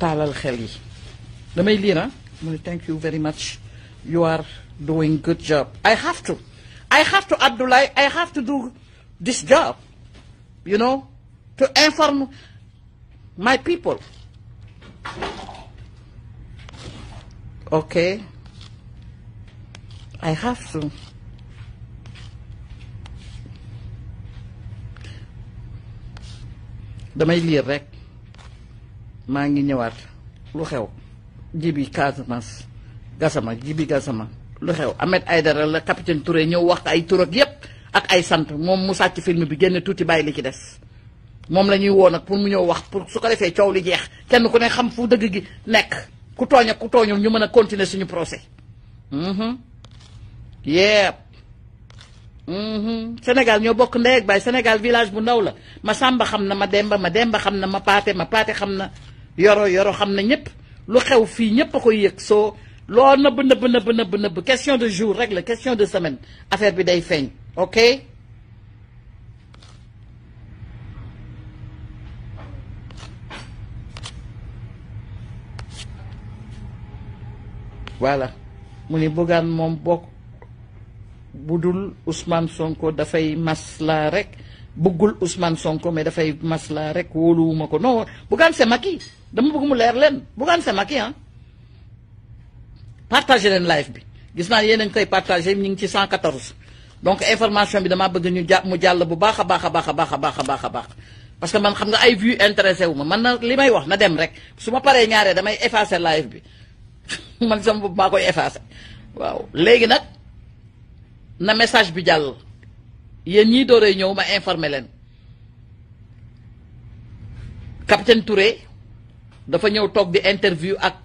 taalal xel yi damay lii na mu ne thank you very much you are doing good job I have to I have to Abdoulaye I have to do this job to inform my people okay I have to damay lire rek maa ngi ñëwaat lu xew jibi Casamance Gassama jibi Gassama lu xew ay dara la capitaine Touré ñëw wax ay tur ak yépp ak ay sant moom mu sàcc film bi génn tuuti bàyyi li ci des moom la ñuy woo nag pour mu ñëw wax pour su ko defee coow li jeex kenn ku ne xam fu dëgg gi nekk ku tooñ ak ku tooñul ñu mën a continuer suñu procès mhm. yépp mhm. Sénégal ñoo bokk ndey ak baay Sénégal village bu ndaw la ma sàmba xam na ma Demba ma Demba xam na ma Paate ma Paate xam na yoro yoro xam na ñëpp lu xew fii ñëpp a koy yëg soo loo nëbb nëbb nëbb nëbb question de jour rek la question de semaine affaire bi day feeñ ok voilà mu ni Bougane moom bokk bu dul Ousmane Sonko dafay masla rek bëggul Ousmane Sonko mais dafay maslaa rek wóoluwuma ko non Bougane c'est dama bëgg mu leer leen Bougane c'est Macky ah partage leen live bi gis naa yéen a ngi koy partagé ñu ngi ci 114 donc information bi damaa bëgg ñu jàpp mu jàll bu baax a baax a baax a baax a baax a baax a baax parce que man xam nga ay vues intéressé wu ma man na li may wax na dem rek su ma paree ñaaree damay effacé live bi man sama bopp maa koy effacé waaw léegi nag na message bi jàll yéen ñii dooree ñëw ma informé leen capitaine Touré. dafa ñëw toog di interview ak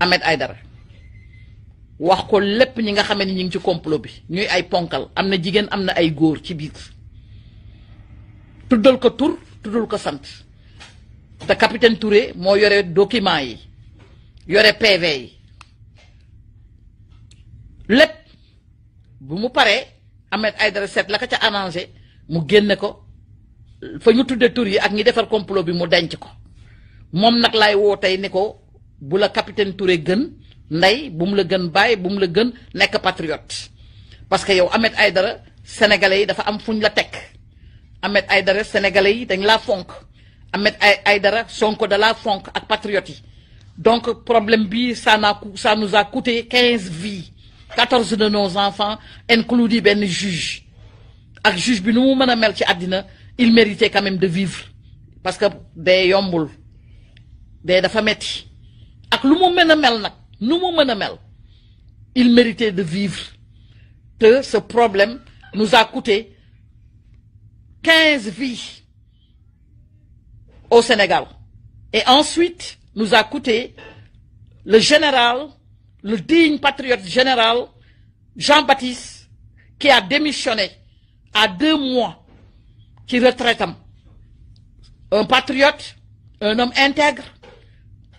amet ay dara wax ko lépp ñi nga xamee ni ñu ngi ci complot bi ñuy ay ponkal am na jigéen am na ay góor ci biir tuddal ko tur tuddal ko sant te capitaine Touré moo yore document yi yore PV yi lépp bu mu paree Ahmed Aïdara seet la ko ca arrangé mu génne ko fa ñu tuddee tur yi ak ñi defar complot bi mu denc ko moom nag laay woo tey ni ko bu la capitaine Touré gën ndey bu mu la gën bàyyi bu mu la gën nekk patriote parce que yow ay dara sénégalais yi dafa am fuñ la teg ay dara sénégalais yi dañ laa fonk ay dara Sonko da laa fonk ak patriote yi donc problème bi ça n'a ça couté quinze vies quatorze de nos enfants inclus benn juge ak juge bi nu mu mën a mel ci àddina il méritait quand de vivre parce que day yombul dee dafa metti ak lu mu mën a mel nag nu mu mën a mel il méritait de vivre te ce problème nous a coûté quinze vies au Sénégal et ensuite nous a coûté le général le digne patriote général Jean-Baptiste qui a démissionné à deux mois ci retraitam un patriote un homme intègre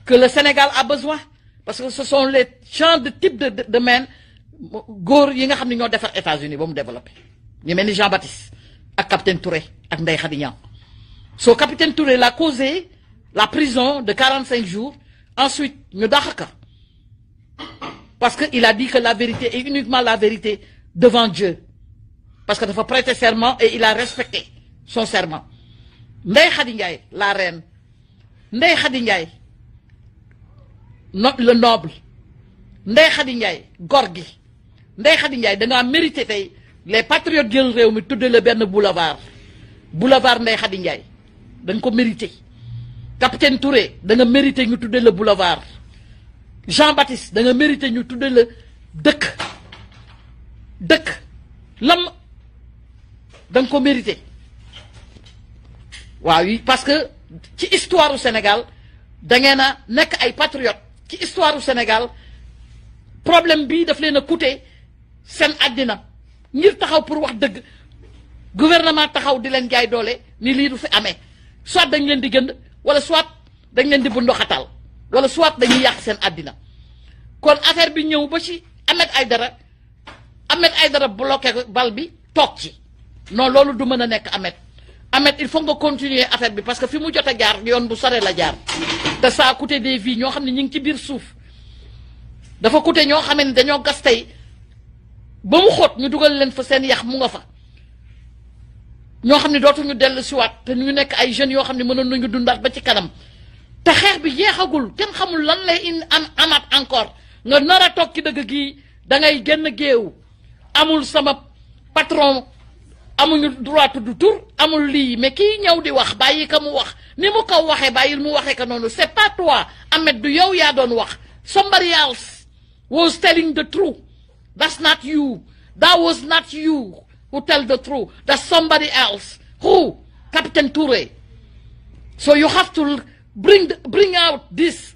que le Sénégal a besoin parce que ce sont les champs de type de de main góor yi nga xam ne ñoo defar États-Unis ba mu développé ñu mel ni Jean Baptiste ak capitaine Touré ak Ndeye Khady Niang soo capitaine Touré l'a causé la prison de 45 jours ensuite ñu dàq ka parce que il a dit que la vérité est uniquement la vérité devant Dieu parce que dafa prêter serment et il a respecté son serment Ndeye Khady la reine Ndeye Khady no le noble Ndeye Khady Ndiaye gor gi Ndeye Khady Ndiaye dangaa mérité tey les patriotes jël réew mi tuddee la benn boulevard boulevard Ndeye Khady Ndiaye dañ ko mérité capitaine Touré danga mérité ñu tuddee la boulevard Jean Baptiste da nga mérité ñu tudde la dëkk dëkk lam da nga ko mérité waaw parce que ci histoire u Sénégal da ngeen a nekk ay patriotes ci histoire du Sénégal problème bi daf leen a coûté seen àddina ngir taxaw pour wax dëgg gouvernement taxaw di leen jaay doole ni lii du fi amee soit dañ leen di gënd wala soit dañ leen di bundoxatal wala soit dañuy yàq seen addina kon affaire bi ñëw ba ci ay Ahmed Aïdara Ahmed Aïdara bloqué bal bi toog ci non loolu du mën a nekk amet Ahmed il faut nga continuer affaire bi parce que fi mu jot a jaar yoon bu sore la jaar te ça a coûté des vies ñoo xam ne ñu ngi ci biir suuf dafa coûté ñoo xamee ne dañoo gas tey ba mu xot ñu dugal leen fa seen yax mu nga fa ñoo xam ne dootuñu dell siwaat te ñu nekk ay jeunes yoo xam ne mënoon nañu dundaat ba ci kanam te xeex bi jeexagul kenn xamul lan lay in am amaat encore nga nar a toog ci dëgg gii dangay ngay génn géew amul sama patron amuñu droit tudd tur amul lii mais kii ñëw di wax bàyyi ka mu wax ni mu ko waxee bàyyil mu waxee ka noonu c'est pas toi Ahmed du yow yaa doon wax somebody else was telling the truth that's not you that was not you who tell the truth that's somebody else who Captain Touré so you have to bring out this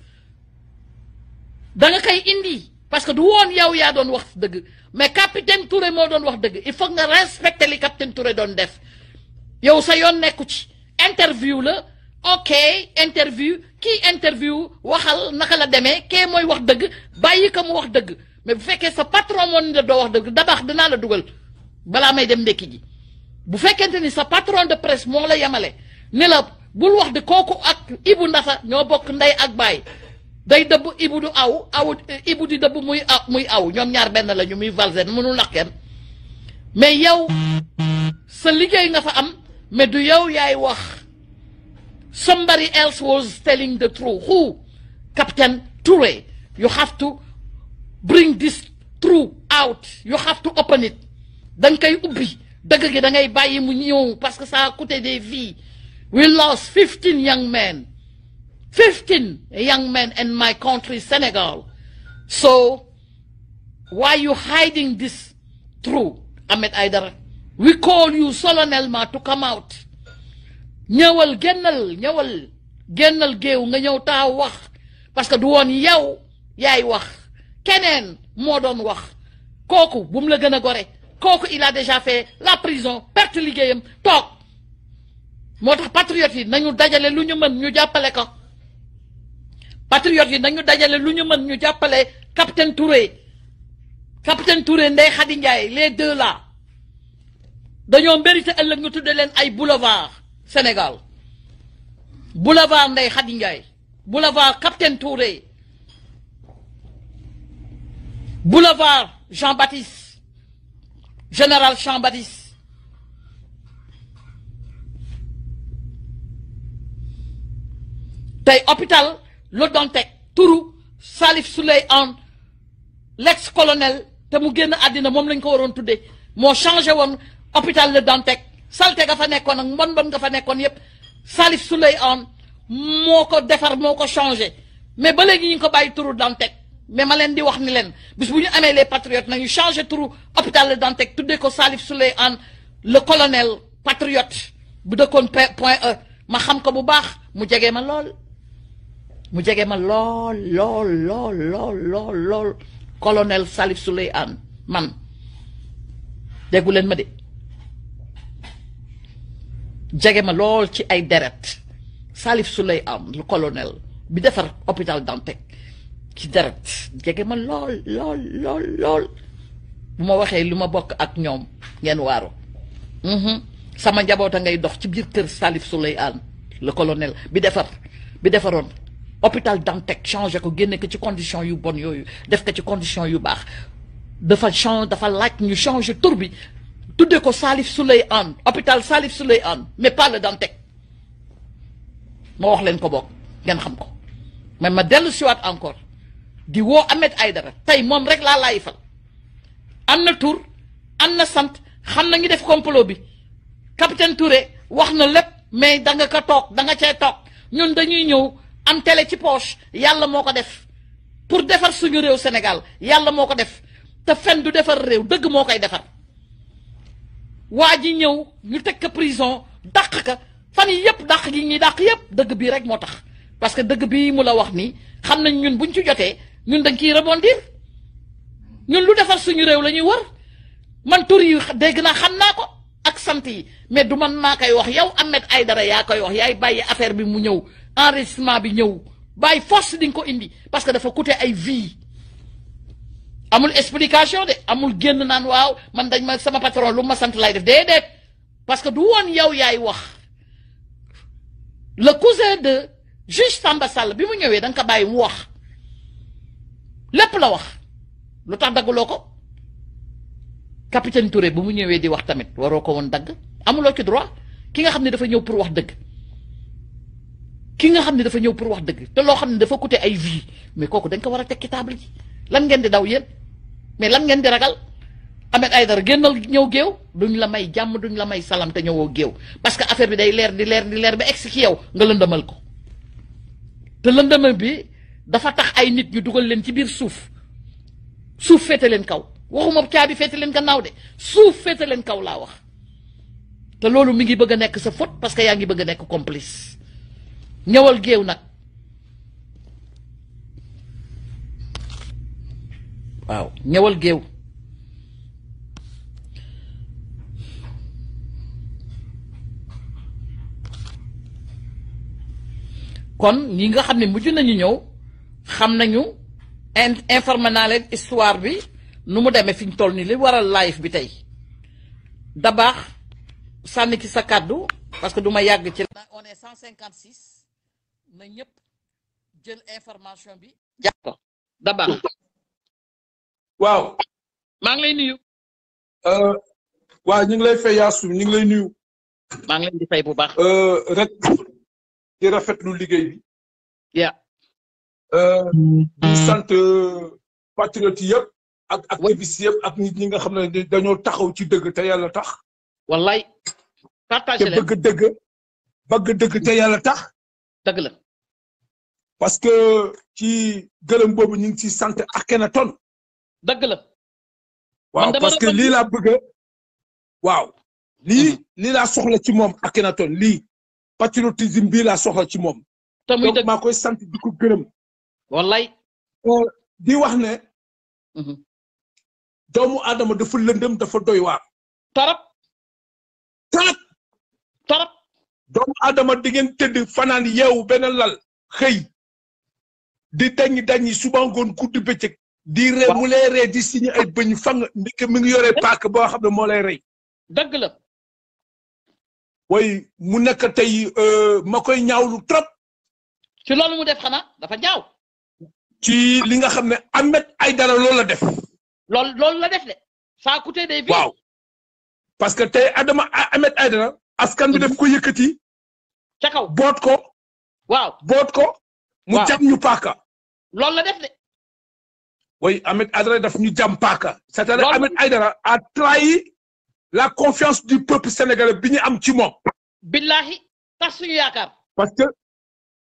da nga koy indi parce que du woon yow yaa doon wax dëgg mais capitaine Touré moo doon wax dëgg il faut nga respecter li capitaine Touré doon def yow sa yoon nekku ci interview la ok interview kii interview waxal naka la demee kee mooy wax dëgg bàyyi ko mu wax dëgg mais bu fekkee sa patron moo ne doo wax dëgg dabax danaa la dugal balaa may dem ndekki ji bu fekkente ni sa patron de presse moo la yemale ne la bul wax de kooku ak Ibou Ndafa ñoo bokk ndey ak baay day dëbb ibu du aw aw ibu di dëbb muy aw muy aw ñoom ñaar benn la ñu muy valsen mënul nax kenn mais yow sa liggéey nga fa am mais du yow yaay wax somebody else was telling the truth who Captain Touré you have to bring this truth out you have to open it da nga koy ubbi dëgg gi da ngay bàyyi mu ñëw parce que ça a des vies we lost young men 15 young men in my country, Senegal. So, why you hiding this truth, Ahmed Aydara? We call you solemnly to come out. ñëwal génnal géew nga ñëw taaw wax parce que du woon yow yaay wax keneen moo doon wax kooku bu la gën a gore kooku il a déjà fait la prison perte liggéeyam toog moo tax patriote yi nañu dajale lu ñu mën ñu jàppale ko patriotes yi nañu dajale lu ñu mën ñu jàppale capitaine Touré capitaine Touré Ndeye Khady les deux la dañoo mérité ëllëg ñu tudde leen ay boulevard Sénégal boulevard Ndeye Khady Ndiaye boulevard capitaine Touré boulevard Jean-Baptiste général Jean-Baptiste tey hôpital le Dantec turu Salif Souley en l'ex colonel te mu génn àddina moom lañ ko waroon tuddee moo changé woon hôpital le Dantec salte ga fa nekkoon ak mbon mbon nga fa nekkoon yépp Salif Souley Anne moo ko defar moo ko changé mais ba léegi ñu ngi ko bàyyi turu Dantec mais ma leen di wax ni leen bis bu ñu amee les patriotes nañu changé turu hôpital le Dantec tuddee ko Salif Souley Anne le colonel patriote bu dëkkoon point E ma xam ko bu baax mu jege ma lool. mu jege ma lool lool lool lool lool lool colonel Salif ann man déggu leen ma de jege ma lool ci ay deret Salif Souleymane le colonel bi defar hôpital Dantec ci deret jege ma lool lool lool lool bu ma waxee lu ma bokk ak ñoom ngeen waaru mhm. sama a ngay dox ci biir kër Salif Souleymane le colonel bi defar bi defaroon hôpital Dantec changé ko génne ko ci condition yu bon yooyu def ko ci condition yu baax dafa change dafa laaj ñu changé tur bi tuddee ko Salif Souley Anne hôpital Salif Souley Anne mais pas le Dantec ma wax leen ko bokk ngeen xam ko mais ma dellu siwaat encore di woo ay Aïdara tey moom rek laa laay fal am na tur am na sant xam na ñu def complot bi capitaine Touré wax na lépp mais da nga ko toog da nga cee toog ñun dañuy ñëw am tele ci poche yàlla moo ko def pour defar suñu réew Sénégal yàlla moo ko def te fen du defar réew dëgg moo koy defar waa ji ñëw ñu teg ko prison dàq ka fan yi yëpp dàq gi ñuy dàq yëpp dëgg bii rek moo tax parce que dëgg bii mu la wax nii xam nañ ñun buñ ci jotee ñun dañ ciy rebondir ñun lu defar suñu réew lañuy ñuy wër man tur yi dégg naa xam naa ko ak sant yi mais du man maa koy wax yow am ay dara yaa koy wax yaay bàyyi affaire bi mu ñëw enregistrement bi ñëw bàyyi force di ko indi parce que dafa coûter ay vie amul explication de amul génn naan waaw man dañ ma sama patron lu ma sant lay def déedéet parce que du woon yow yaay wax la cousin de juge Samba Sall bi mu ñëwee danga nga ko bàyyi mu wax lépp la wax lu tax dagguloo ko capitaine Touré bu mu ñëwee di wax tamit waroo ko woon dagg amuloo ci droit ki nga xam ne dafa ñëw pour wax dëgg. ki nga xam ne dafa ñëw pour wax dëgg te loo xam ne dafa coûté ay vie mais kooku dañ ko war a tekki table ji lan ngeen di daw yéen mais lan ngeen di ragal Ahmed Aïdara génnal ñëw géew duñ la may jàmm duñ la may salam te ñëwoo géew parce que affaire bi day leer di leer di leer ba egsi ci yow nga lëndëmal ko te lëndëmal bi dafa tax ay nit ñu dugal leen ci biir suuf suuf féete leen kaw waxuma caabi féete leen gannaaw de suuf féete leen kaw laa wax te loolu mi ngi bëgg nekk sa faute parce que yaa ngi bëgg a nekk complice ñëwal géew nag waaw ñëwal géew kon ñi nga xam ne mujj nañu ñëw xam nañu in naa leen histoire bi nu mu demee fi ñu toll nii li waral live bi tey da baax sànni ci sa kàddu parce que du ma yàgg ci. on est 156. na ñëpp jël information bi jàpp ko daba waaw maa ngi lay nuyu euh, waaw ñu ngi lay fay yaasu ñu ngi lay nuyu maa ngi leen di fay bu baax euh, rek di rafetlu liggéey bi ya euh, di hmm. sant yëpp ak activiste yëpp ak nit ñi nga xam ne dañoo taxaw ci dëgg te yàlla tax wallaay partagé leen te bëgg dëgg bëgg dëgg te yàlla tax dëgg la parce que ci gërëm boobu ñu ngi ci sant Akhenaton. dëgg la. waaw parce que lii laa bëgg waaw. lii mhm. lii laa soxla ci moom Akhenaton lii patriotisme bii laa soxla ci moom. te muy dëgg maa koy sant di ko gërëm. wallaay. Euh, di wax ne. Mhm. doomu Adama dafa lëndëm dafa doy waar. tarap. tarap. tarap. doomu Adama di ngeen tëdd fanaan yeewu lal xëy. di dañ dañi suba ngoon guddi bëccëg. di re mu lay ree di signé ay bëñ fang ndeke mi ngi yore paak boo xam ne moo lay rey. dëgg la. way mu nekk tey euh, ma koy ñaawlu trop. ci loolu mu def xanaa dafa ñaaw. ci li nga xam ne Ahmed Aïdara loolu la def. loolu loolu la def de. ça a coûté des vies. waaw parce que tey Adama askan bi daf ko yëkkati. ca kaw boot ko. waaw boot ko. mu jam ñu paaka. loolu la def de. oui Ahmed Aidara daf ñu jam paaka. c'est-à-dire a trahi la confiance du peuple sénégalais bi ñu am ci moom. billahi tax suñu yaakaar. parce que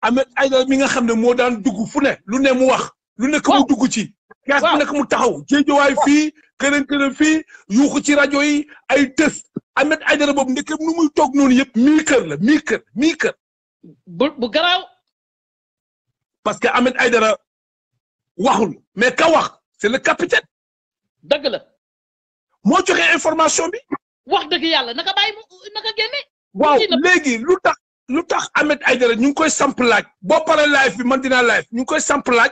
Ahmed Aidara mi nga xam ne moo daan dugg fu ne lu ne mu wax. lu nekk mu dugg ci. waaw gas nekk mu taxaw jéejowaay fii. keneen fii yuuxu ci rajo yi ay tës. Ahmed Aidara boobu ndekam nu muy toog noonu yëpp mii kër la mii kër mii kër. bu que Ahmed Aidara. waxul mais ka wax c'est le capitaine. dëgg la. moo joxe information bi. wax dëgg yàlla naka bàyyi naka génne. waaw léegi lu tax lu tax Ahmed Aïdara ñu ngi koy samp laaj. boo paree live bi man dinaa live ñu koy samp laaj.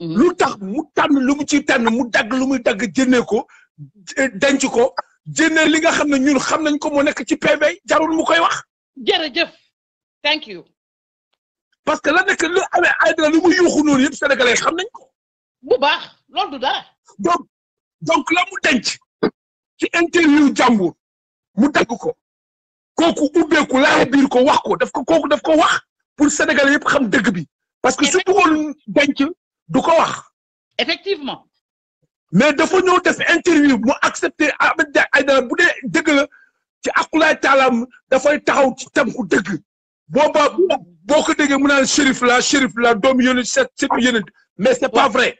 Mhm. lu tax mu tànn lu mu ciy tànn mu dagg lu muy dagg jëndee ko denc ko jëndee li nga xam ne ñun xam nañ ko moo nekk ci pey jarul mu koy wax. jërëjëf thank you. parce que la nekk lu amee ay dara lu mu yuuxu noonu yëpp sénégalais xam nañ ko. bu baax loolu du dara. donc donc la mu denc ci interview jàmbur mu dagg ko kooku ubbeeku laa biir ko wax ko daf ko kooku daf ko wax pour sénégalais yëpp xam dëgg bi. parce que su bëggoon denc du ko wax. effectivement. mais dafa ñëw def interview mu accepté Ahmed Aïdara bu dee dëgg la ci akulaay taalaam dafay taxaw ci tam ku booba boo ko déggee mu naan shérif la shérif la doomu yonent set setu yonent mais c'est pas vrai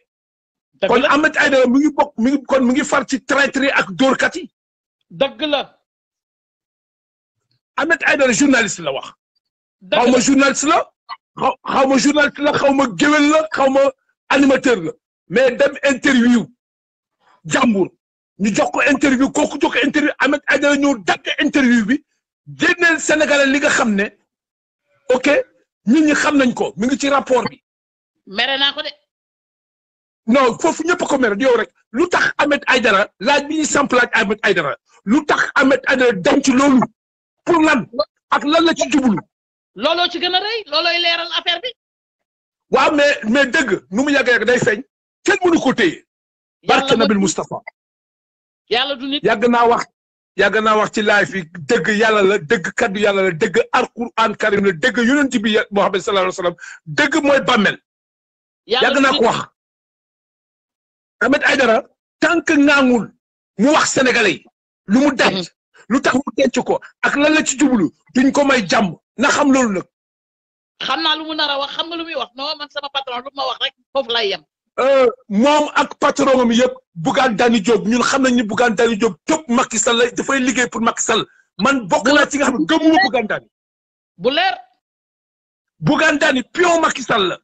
kon Ahmed Aïdara mu ngi bokk mi ngi mu ngi far ci traître ak dóorkat yi dëgg la Ahmed Aïdara journaliste la wax xaw ma journaliste la xaw ma la xaw ma géwél la xaw ma animateur la mais dem interview jàmbur ñu jox ko interview kooku jox ko interview Ahmed Aïdara ñëw dagg interview bi génneel Sénégalais li nga xam ne ok mi ñi xam nañ ko mi ngi ci rapport bi. mere naa ko de. non foofu ñëpp ko mere yow rek lu tax Ahmed Aïdara laaj bi ñuy samplaaj Ahmed Aïdara lu tax Ahmed Aïdara dem ci loolu pour lan ak lan la ci jublu. looloo ci gën a rëy loolooy leeral affaire bi. waaw mais mais dëgg nu mu yàgg yàgg day feeñ kenn mënu ko téye. barke Nabil Moustapha. yàlla du nit yàgg naa wax. yàgg naa wax ci live bi dëgg yàlla la dëgg kaddu yàlla la dëgg alquran karim la dëgg yonent bi Muhammad sallallahu alayhi wa sallam dëgg mooy bàmmel. yàgg naa wax. Ahmed Aidara tant que mu wax sénégalais lu mu denc mm-hmm. lu tax mu denc ko ak lan la ci jublu duñ ko may jàmm na xam loolu nag. xam naa lu mu nar a wax xam nga lu muy wax non man sama patron lu ma wax rek foofu lay yem. Euh, moom ak patron mi yëpp Bougane Dany Diop ñun xam nañ ni Bougane Dany Diop képp Macky Sall la dafay liggéey pour Macky Sall man bokk naa ci nga xam ne gëmuma Bougane Dany bu leer Bougane Dany pion Macky Sall la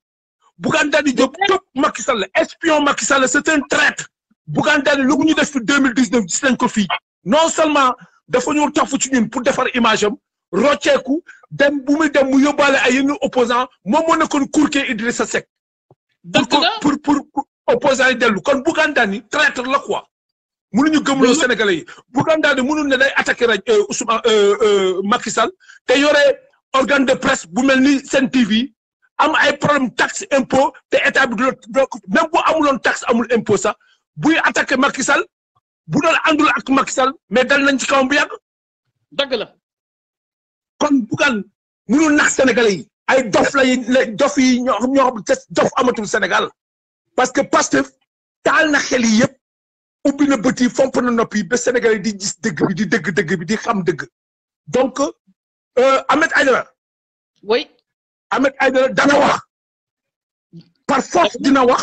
Bougane Dany Diop képp Macky Sall la espion Macky Sall la c'est un traître ñu def fi deux mille dix-neuf gis nañ ko fii non seulement dafa ñu tafu ci ñun pour defar image am rocceeku dem bu muy dem mu ay yenn opposant moom moo nekkoon courtier Idrissa Seck dëgg la pour pour pour opposant yi dellu kon Bougane Dany traître la quoi. mënuñu gëmloo Sénégalais yi Bougane Dany mënul ne day attaqué rek euh, Ousmane euh, euh, Macky Sall te yore organe de presse bu mel ni Sen TV am ay problème tax impôt te état bi du la même bu amuloon taxe amul impôt sax buy attaqué Macky Sall bu doon àndul ak Macky Sall mais dal nañ ci kawam bu yàgg. dëgg la. kon Bougane mënul nax Sénégalais ay dof lay dof yi ñoo ñoo xam te dof amatul Sénégal parce que Pastef taal na xel yi yëpp ubbi na bët yi fomp na nopp yi ba Sénégal di gis dëgg bi di dëgg dëgg bi di xam dëgg donc euh, Ahmed Aïdara oui Ahmed Aïdara dana wax par force dina wax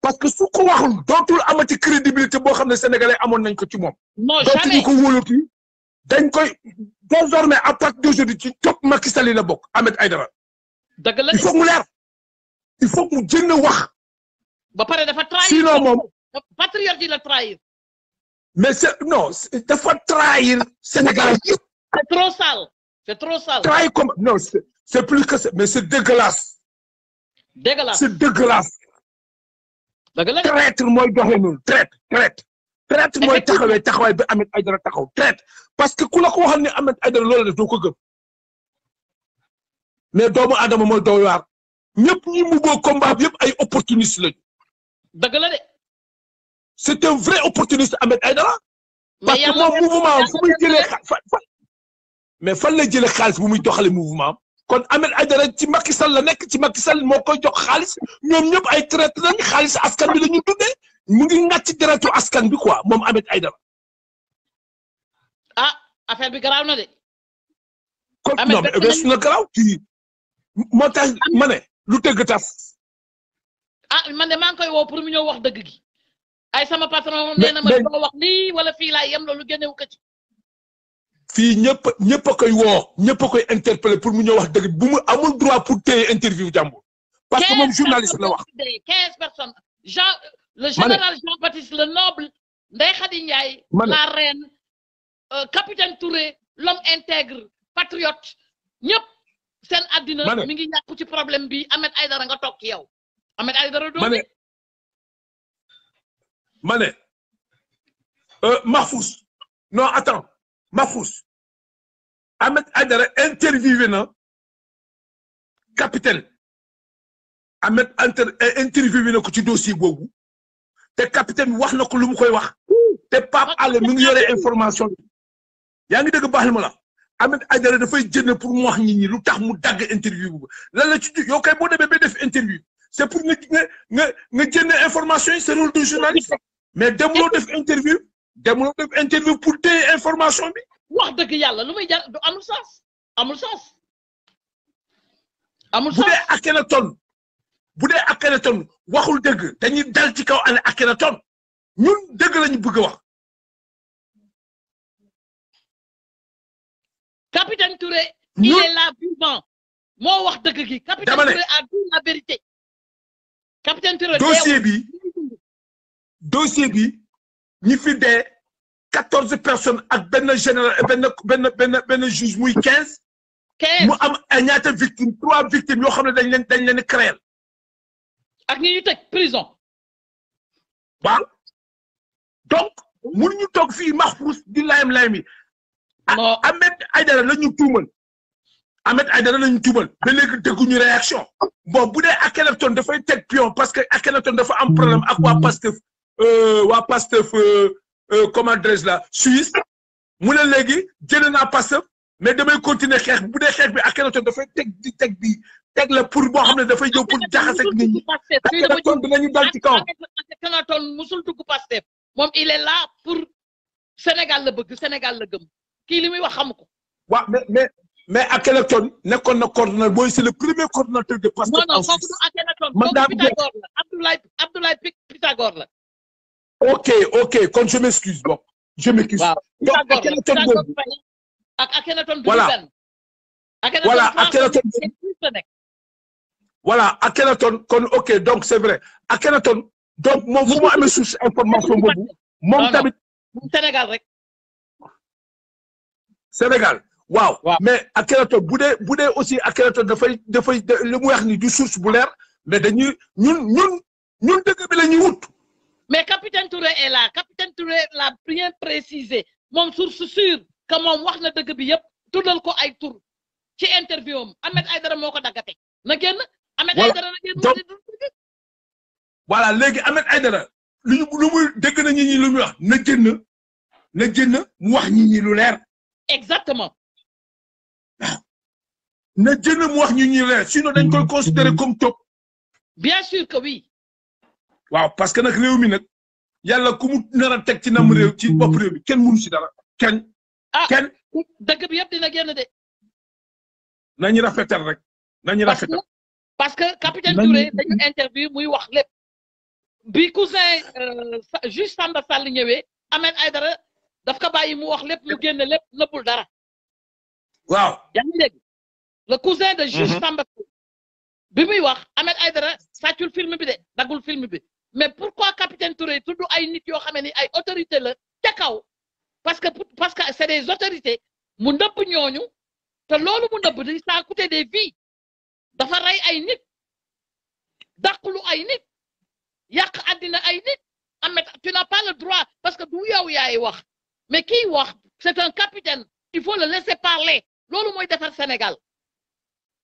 parce que su ko waxul amati crédibilité boo xam ne sénégalais amoon nañ ko ci moom. dañ koy désormais à partir d'aujourd'hui ci top Macky Sall la bokk Ahmed Aïdara. dëgg la il faut mu leer wax. ba pare dafa trahir sinon moom. patriote yi la trahir. mais c'est non dafa trahir Sénégal yëpp. c'est trop sale trahir comme non c'est plus que ça mais c'est dégueulasse. dégueulasse c'est dégueulasse. dëgg la traître mooy doxee noonu traître traître. bi Ahmed Aïdara taxaw traître. parce que ku la ko waxal ne Ahmed Aïdara loola def doo ko gëm mais doomu aadama mooy dooy waar ñëpp ñi mu boo combat yëpp ay opportuniste lañu. dëgg la de. c' est un vrai opportuniste Ahmed Aïdara. parce que moom mouvement fu muy jëlee mais fan la jëlee xaalis bu muy doxalee mouvement kon Ahmed Aïdara ci Macky Sall la nekk ci Macky Sall moo jox xaalis ñoom ñëpp ay traite lañ xaalis askan bi la ñu dundee mu ngi ngàcc deretu askan bi quoi moom Ahmed Aïdara. affaire bi garaaw na de. amee dëkk nañ ko na garaaw kii moo ma ne lu tëgg tas. ah man de maa ngi koy woo pour mu ñëw dëgg gi. ay sama patron nee na wala fii yem loolu génnewu ko ci. fii ñëpp ñëpp a koy woo ñëpp koy interpeller pour mu ñëw wax dëgg bu mu droit pour téye interview jàmbur. quinze personnes Jean le général Jean Baptiste le noble Ndeye Khady Ndiaye. la reine. Euh, capitaine Touré l'homme intègre patriote ñëpp seen addina mi ngi yàqu ci problème bi Ahmed Aïdara nga toog ci yow Ahmed Aïdara doo mane mane euh, Mahfous non attends Mahfous Ahmed Aïdara interviewé na capitaine Ahmed inter eh, interviewé na ci dossier boobu te capitaine wax na ko lu koy wax te Pape Alé mi information yaa ngi dégg baaxil ma la Ahmed Aidara dafay jënd pour mu wax nit lu tax mu dagg interview boobu lan la ci yow kay boo demee ba def interview c' est pour nga nga nga jënd information yi c' est rôle de journaliste mais demuloo def interview demuloo def interview pour téye information bi. wax dëgg yàlla lu muy jar du amul sens amul sens. amul sens bu dee Akhenaton bu dee Akhenaton waxul dëgg dañuy dal ci kaw an Akhenaton ñun dëgg lañu bëgg a wax. capitaine Touré. il est là vivant moo wax dëgg gi. capitaine Touré a dit la vérité. capitaine Touré dossier bi dossier bi ñi fi dee quatorze personnes ak benn général benn benn benn benn juge muy quinze. quinze mu am ñaata victime trois victimes yoo xam ne dañ leen dañ leen créer ak ñi ñu prison. waaw donc mënuñu toog fii Mahfouz di layam layam yi Ah, non Ahmed Aïdara la ñu tuumal Ahmed Aïdara la ñu tuumal ba léegi dégguñu réaction bon bu dee Akhenaton dafay teg pion parce que Akhenaton dafa am problème ak waa Pastef euh, waa Pastef euh, euh, comment dirais-je la Suisse mu ne léegi jëlee naa Pastef mais damay continuer xeex bu dee xeex bi Akhenaton dafay teg di teg di teg la pour boo xam ne dafay ñëw pour jaxase ak nit ñi Akhenaton dinañu dal ci kawam. Akhenaton musul dugg Pastef moom il est là pour Sénégal la bëgg Sénégal la gëm. kii li muy wax xam mais mais mais Akhenaton nekkoon na coordonnateur booy c'est le premier coordonnateur de Pastef. non non foofu Pythagore la Pythagore la. ok ok kon je m'excuse bon je m'excuse. waaw Pythagore la ak Akhenaton du benn. voilà Akhenaton voilà Akhenaton kon ok donc c'est vrai Akhenaton donc information boobu moom Sénégal rek. Sénégal waaw. mais Akhenaton bu dee bu dee aussi Akhenaton dafay dafay li mu wax ni du source bu leer mais dañuy ñun ñun ñun dëgg bi la ñuy wut. mais capitaine Touré et la capitaine Touré l'a bien précisé moom source sûre que moom wax na dëgg bi yëpp tuddal ko ay tur ci interview am Ahmed Aïdara moo ko daggate na génn. a Aïdara na génn léegi Ahmed Aïdara lu na ñi ñi lu muy wax na génn na wax lu leer. exactement na jënam wax ñu ñuy reer sinon dañ koy considérer comme top bien sûr que oui waaw parce que nag réew mi nag yàlla ku mu nar a teg ci nam réew ci bopp réew mi kenn mënu si dara kenn ah, kenn dëgg bi yëpp dina génn de nañu rafetal rek nañu rafetal parce que capitaine Touré dañu interview muy wax lépp bi cousin euh, juge Samba Sall ñëwee Ahmed Aïdara daf ko bàyyi mu wax lépp mu génne lépp nëbbul dara. waaw yaa ngi dégg le cousin de juge mhm. Samba bi muy wax ay Aïdara sàccul film bi de dagul film bi mais pourquoi capitaine Touré tudd ay nit yoo xam ne ay autorité la ca kaw parce que parce que c'est des autorités mu nëbb ñooñu te loolu mu nëbb di ça coûté des vies dafa rey ay nit dàqlu ay nit yàq àddina ay nit Ahmed tu n'as pas le droit parce que du yow yaay wax. mais kiy wax c'est un capitaine il faut le laisser parler loolu mooy defar Sénégal.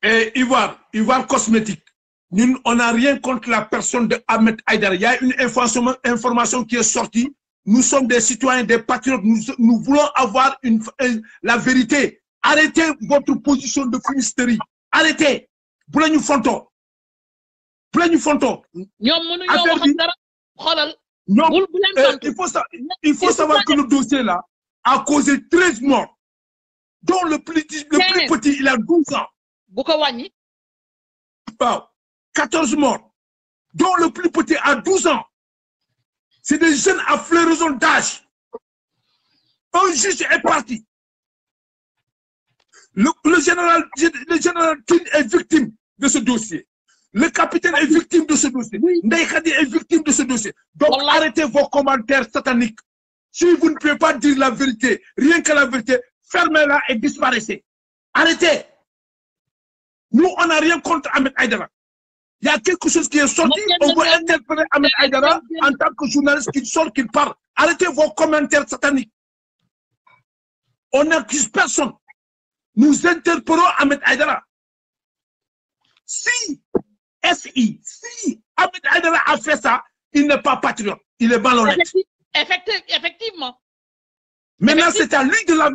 et Ivoire Ivoire cosmétique ñun n'a rien contre la personne de Ahmed Aïdara y a une information information qui est sortie nous sommes des citoyens des patriotes nous voulons avoir une euh, la vérité arrêtez votre position de fumisterie arrêtez bu la ñu fontoo bu la ñu fontoo. ñoom wax dara Non, euh, il, faut il faut savoir que le dossier là a causé 13 morts, dont le plus, petit, il a 12 ans. Bukawani. Wow. 14 morts, dont le plus petit a 12 ans. C'est des jeunes à floraison d'âge. Un juge est parti. Le, général, le est victime de ce dossier. Le capitaine est victime de ce dossier. Donc arrêtez vos commentaires sataniques. Si vous ne pouvez pas dire la vérité, rien que la vérité, fermez-la et disparaissez. Arrêtez. Nous, on n'a rien contre Ahmed Aïdara. Il y a quelque chose qui est sorti, on veut interpeller Ahmed Aïdara en tant que journaliste qui sort, qu'il parle. Arrêtez vos commentaires sataniques. On n'accuse personne. Nous interpellons Ahmed Aïdara. Si SI. Si Ahmed n'est pas patriote, il est malhonnête. Effectivement. Maintenant, c'est à lui de laver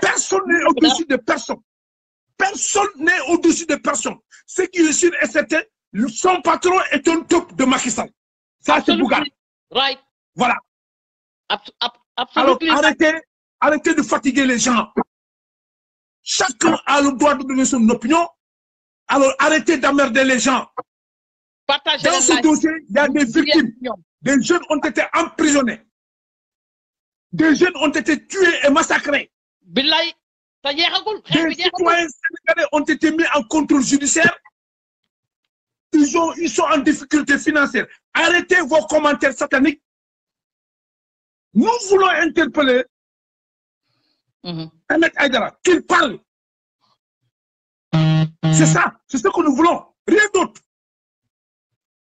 Personne n'est au-dessus de personne. Personne n'est au-dessus de personne. Ce qui est sûr et son patron est un top de Macky Sall. Voilà. Alors, arrêtez, de fatiguer les gens. Chacun a le droit de donner son opinion. Alors arrêtez d'emmerder les gens. Dans ce dossier, il des victimes. Des jeunes ont été emprisonnés. Des jeunes ont été tués et massacrés. Des citoyens sénégalais ont été mis en contrôle judiciaire. Ils sont en difficulté financière. Arrêtez vos commentaires sataniques. Nous voulons interpeller mhm. Ahmed Aïdara, qu'il parle. C'est ça, c'est ce que nous voulons. Rien d'autre.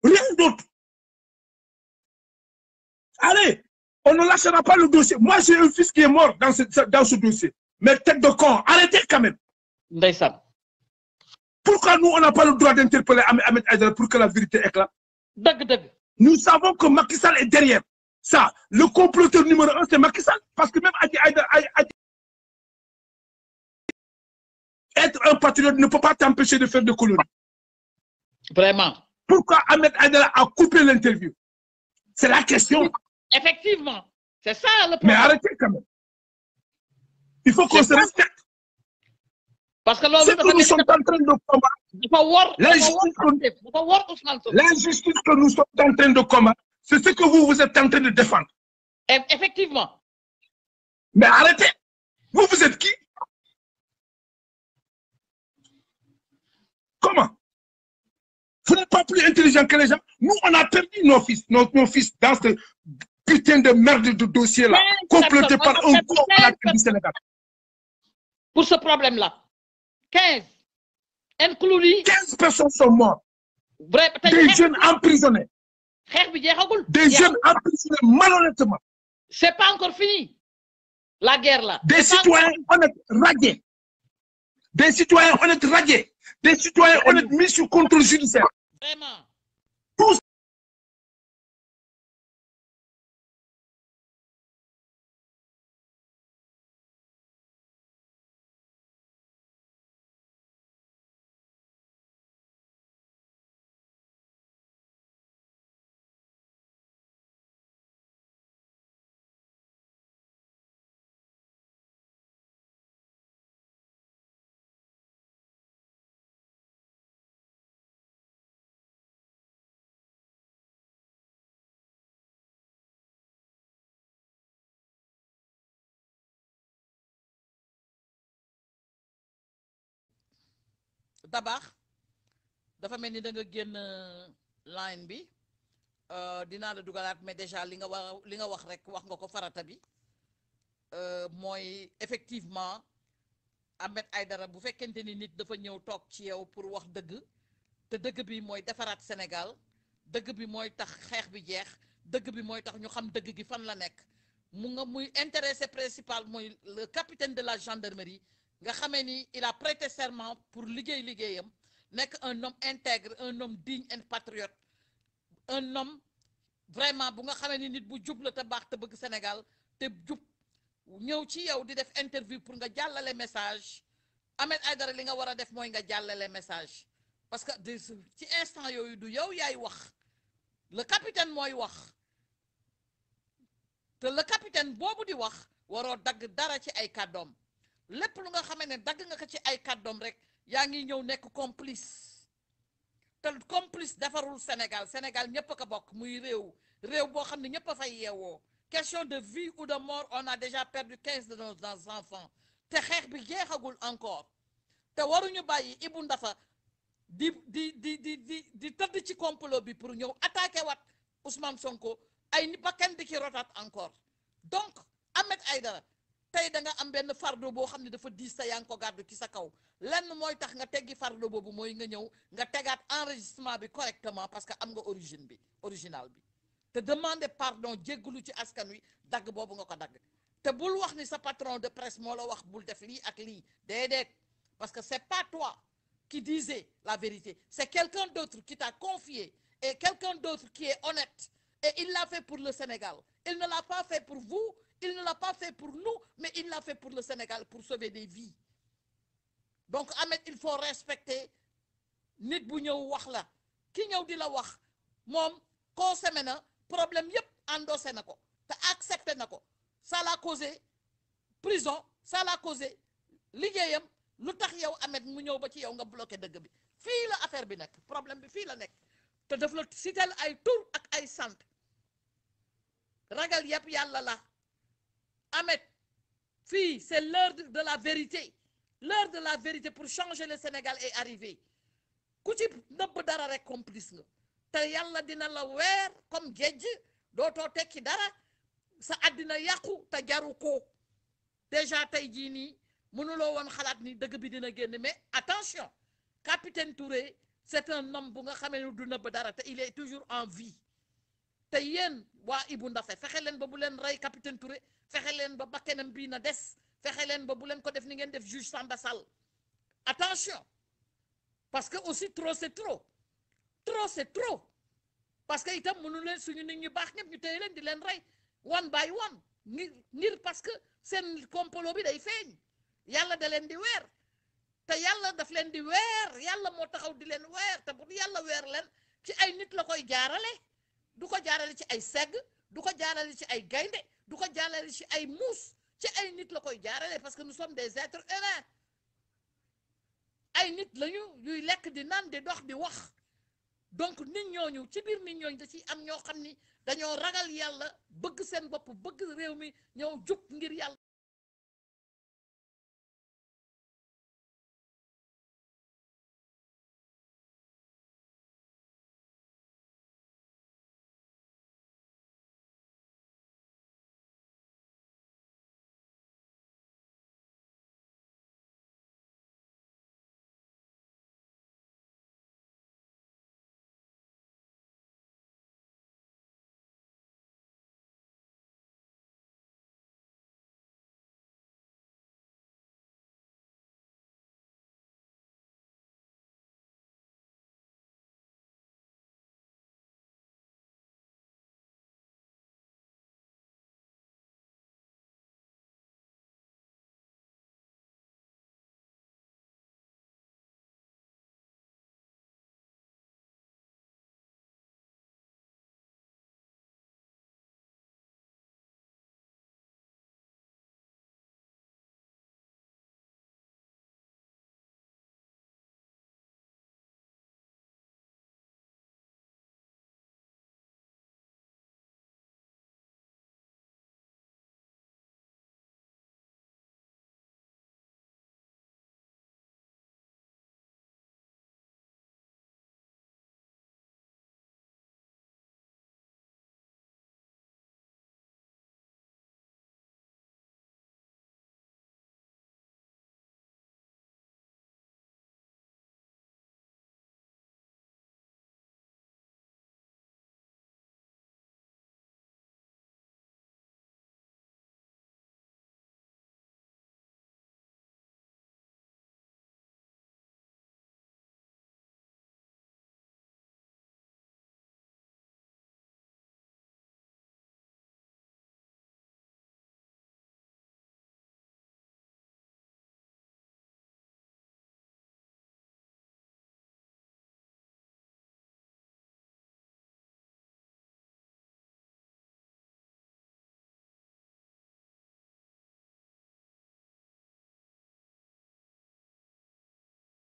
Rien d'autre. Allez, on ne lâchera pas le dossier. Moi, j'ai un fils qui est mort dans ce, dans ce dossier. Mais tête de con, arrêtez quand même. Pourquoi nous, on n'a pas le droit d'interpeller Ahmed Aïdara pour que la vérité éclate? Dëgg dëgg. Nous savons que Macky est derrière ça. Le comploteur numéro un, c'est Macky Parce que même être un patriote ne peut pas t'empêcher de faire des colonies. Vraiment. Pourquoi Ahmed Adela a coupé l'interview C'est la question. Effectivement. C'est ça le problème. Mais arrêtez quand même. Il faut qu'on se respecte. Parce que ce que nous sommes en train de combattre, l'injustice que nous sommes en train de combattre, c'est ce que vous, vous êtes en train de défendre. Mais arrêtez. Vous, vous êtes qui pas plus intelligents que les gens. Nous, on a perdu nos fils, nos, fils dans ce putain de merde de dossier-là, complété par un corps à la du Sénégal. Pour ce problème-là, 15, personnes sont mortes. des jeunes emprisonnés. Des jeunes emprisonnés malhonnêtement. C'est pas encore fini. La guerre là. Des citoyens honnêtes ragués. Des citoyens honnêtes ragués. mis sous contrôle judiciaire. Vraiment. Tout dabaax dafa mel ni da nga génn euh, line bi euh, dinaa la dugalaat mais déjà li nga war li nga wax rek wax nga ko farata bi euh, mooy effectivement ay Aïdara bu fekkente ni nit dafa ñëw toog ci yow pour wax dëgg te dëgg bi mooy defaraat Sénégal dëgg bi mooy tax xeex bi jeex dëgg bi mooy tax ñu xam dëgg gi fan la nekk mu nga muy intéressé principal mooy le capitaine de la gendarmerie nga xamee ni il a prêté serment pour liggéey liggéeyam nekk un nom intègre un homme digne et patriote un nom vraiment bu nga xamee ni nit bu jub la te baax te bëgg Sénégal te jub ñëw ci yow di def interview pour nga jàllale message Ahmed Aïdara li nga war a def mooy nga jàllale message parce que ci instant yooyu du yow yaay wax le capitaine mooy wax te le capitaine boobu di wax waroo dagg dara ci ay kàddoom lépp lu nga xamee ne dagg nga ko ci ay kàddoom rek yaa ngi ñëw nekk complice te complice defarul Sénégal Sénégal ñëpp a ko bokk muy réew réew boo xam ne ñëpp a fay yeewoo question de vie ou de mort on a déjà perdu quinze de nos enfants te xeex bi jeexagul encore te waruñu bàyyi Ibou Ndafa di di di di di di tëdd ci complot bi pour ñëw attaqué wat Ousmane Sonko ay ni bakkan di ci rotaat encore donc ay dara tey da nga am benn fardeau boo xam ne dafa diis sa yaa ngi ko ci sa kaw lenn mooy tax nga teggi fardeau boobu mooy nga ñëw nga tegaat enregistrement bi correctement parce que am nga origine bi original bi te demander pardon jéggulu ci askan wi dagg boobu nga ko dagg te bul wax ni sa patron de presse moo la wax bul def lii ak lii déedéet parce que c'est pas toi qui disais la vérité c'est quelqu'un d'autre qui t'a et quelqu'un d'autre qui est honnête et il l'a fait pour le Sénégal il ne l'a pour vous Il ne l'a pas fait pour nous, mais il l'a fait pour le Sénégal, pour sauver des vies. Donc, Ahmed, il faut respecter nit bu ñëw wax la ki ñëw di la wax moom koo semé na problème yépp endossé na ko te accepté na ko ça l'a causé prison ça l'a liggéeyam lu tax yow Ahmed mu ñëw ba ci yow nga bloqué dëgg bi fii la affaire bi nag problème bi fii la nekk te daf la cité ay tur ak ay sant ragal yépp yàlla la Ahmed fii c'est l'heure de la vérité l'heure de la vérité pour changer le Sénégal est arrivée ku ci nëbb dara rek complice nga te yàlla dina la weer comme géej dootoo tekki dara sa addina yàqu te jaru ko déjà tey jii nii mënuloo woon xalaat ni dëgg bi dina génn mais attention capitaine Touré c'est un homme bu nga xamee ne du nëbb dara te il est toujours en vie te yéen waa Ibou Ndafe fexe leen ba bu leen rey capitaine Touré fexe leen ba bakkenam bii na des fexe leen ba bu leen ko def ni ngeen def juge Samba Sall attention parce que aussi trop c'est trop trop c'est trop parce que itam mënu leen suñu nit ñu baax ñëpp ñu téye leen di leen rey one by one ngir ngir parce que seen complot bi day feeñ yàlla da leen di weer te yàlla daf leen di weer yàlla moo taxaw di leen weer te bu yàlla weer leen ci ay nit la koy jaarale du ko jaarale ci ay segg du ko jaarale ci ay gaynde du ko jaarale ci ay muus ci ay nit la koy jaarale parce que nous sommes des êtres humains ay nit lañu yuy lekk di naan di dox di wax donc nit ñooñu ci biir nit ñooñu da ciy am ñoo xam ni dañoo ragal yàlla bëgg seen bopp bëgg réew mi ñëw jub ngir yàlla